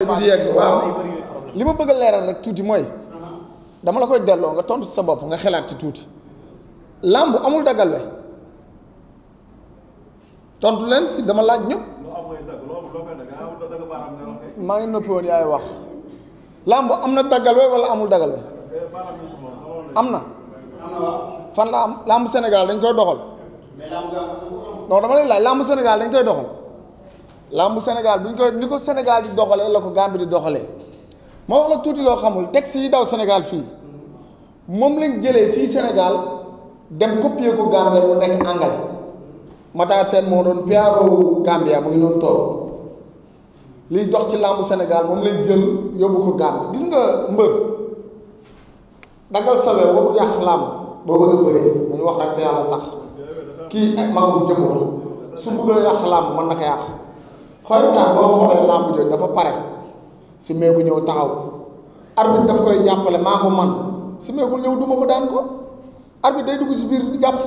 waaw li ma bëgg a leeral rek tuuti mooy dama la koy delloo nga tontu sa bopp nga xelaat ci tuuti làmb amul dagal we tontu leen si dama laaj ñëpp maa ngi noppi yaay wax làmb am na daggal we wala amul dagal we am na fan la am làmb senegal dañ koy doxal non dama lay laaj làmb senegal dañ koy doxal làmb Sénégal bu ñu koy ni ko Sénégal di doxalee la ko Gambie di doxalee moo wax la tuuti loo xamul texte yi daw Sénégal fii moom lañ jëlee fii Sénégal dem copier ko Gambie mu nekk anglais Matar moo doon piaro Gambia mu ngi dox ci làmbu Sénégal moom lañ jël yóbbu ko Gambie gis nga mbër dangal sawee warul yàq làmb boo bëgg bëree dañu wax rek te yàlla tax kii ay magum jëmm su bëgg a làmb mën na ko yàq xoyantaan boo xoolee làmb jooju dafa pare ñëw taxaw daf koy jàppale maa ko man si meekul ñëw duma ko daan ko arbitre day dugg biir di jàpp si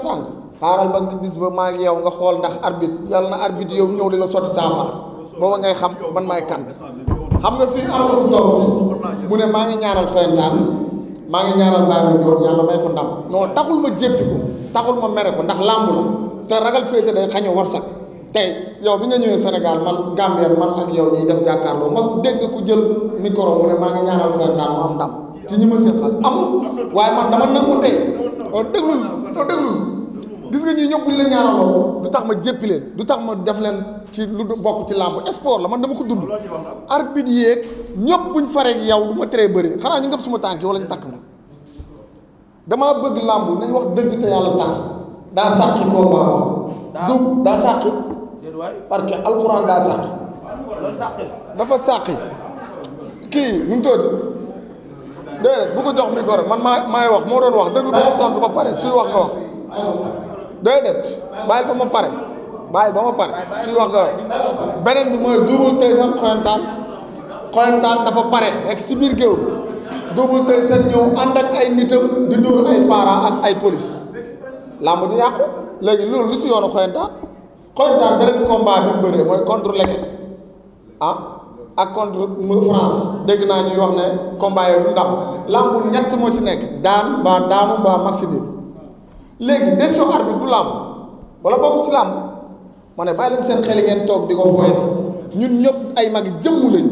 xaaral ba bis ba maa ngi yow nga xool ndax arbitre yàlla na arbitre yow ñëw di la sotti saafara xam man maay kan xam nga fii am na lu toog fii mu maa ngi ñaanal xoyantaan maa ngi ñaanal ma ñëw yàlla ko ndam non taxul ma jéppi ko taxul ma mere ko ndax làmb la te ragal féete day xañu warsak tey yow bi nga ñëwee Sénégal man Gambien man ak yow ñuy def jàkkaarloo mos dégg ku jël micro mu ne maa ngi ñaanal Sénégal mu am ndam ci ñi ma seqal amul waaye man dama nangu tey oh, déglul o oh, déglul gis nga ñii ñëpp la ñaanaloo du tax ma jéppi leen du tax ma def leen ci lu bokk ci làmb sport la man dama ko dund arbitre yeeg ñëpp buñ fareeg yow du ma teree bëri xanaa ñu ngëpp suma tànk yi wala ñu bëgg làmb nañ wax dëgg te yàlla tax daa sàqi parce que alxuraan daa sàq dafa sàqi kii nu mu tóoti déedéet bu ko jox micro rek man maa maay wax moo doon wax déglu ba ma tontu ba pare suy wax nga wax déedéet bàyyil ba ma pare bàyyil ba ma pare suy wax nga wax beneen bi mooy duubul tey xoyantaan xoyantaan dafa pare nekk si biir géew duubul tey seen ñëw ànd ak ay nitam di dóor ay parents ak ay police làmb di yàqu léegi loolu lu si yoonu xoyantaan xooj daan beneen combat bi mu bëree mooy contre Leket ah ak contre France dégg naa ñuy wax ne combat yooyu du ndam làmb ñett moo ci nekk daan mbaa daanu mbaa maxi bi léegi décision arbitre du làmb wala bokk ci làmb ma ne bàyyi leen seen xel ngeen toog di ko foyee ñun ñëpp ay mag jëmm lañ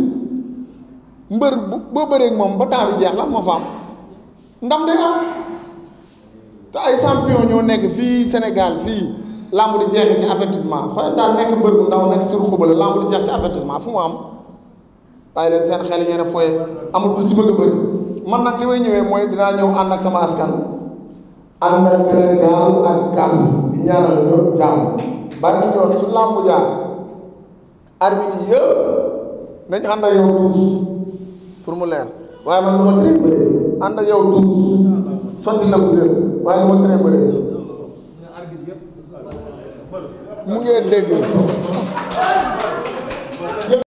mbër bu boo bëree moom ba temps jeex lan moo fa ndam day am te ay champion ñoo nekk fii Sénégal fii. làmb di jeexee ci avertissement xooy daal nekk mbër bu ndaw nekk sur xubala lamb di jeex ci avertissement fu mu am bàyyi leen seen xel yi a fooye amul du si bëgg a bëri man nag ñëwee mooy dinaa ñëw ànd ak sama askan ànd ak Sénégal ak kan di ñaanal ñoom jàmm bari ñoon su lamb jaar arbitre yëpp nañ ànd ak yow duus pour mu leer waaye man lu ma tëree bëree ànd yow duus sotti la ko waaye lu ma tëree mu ngeen dégg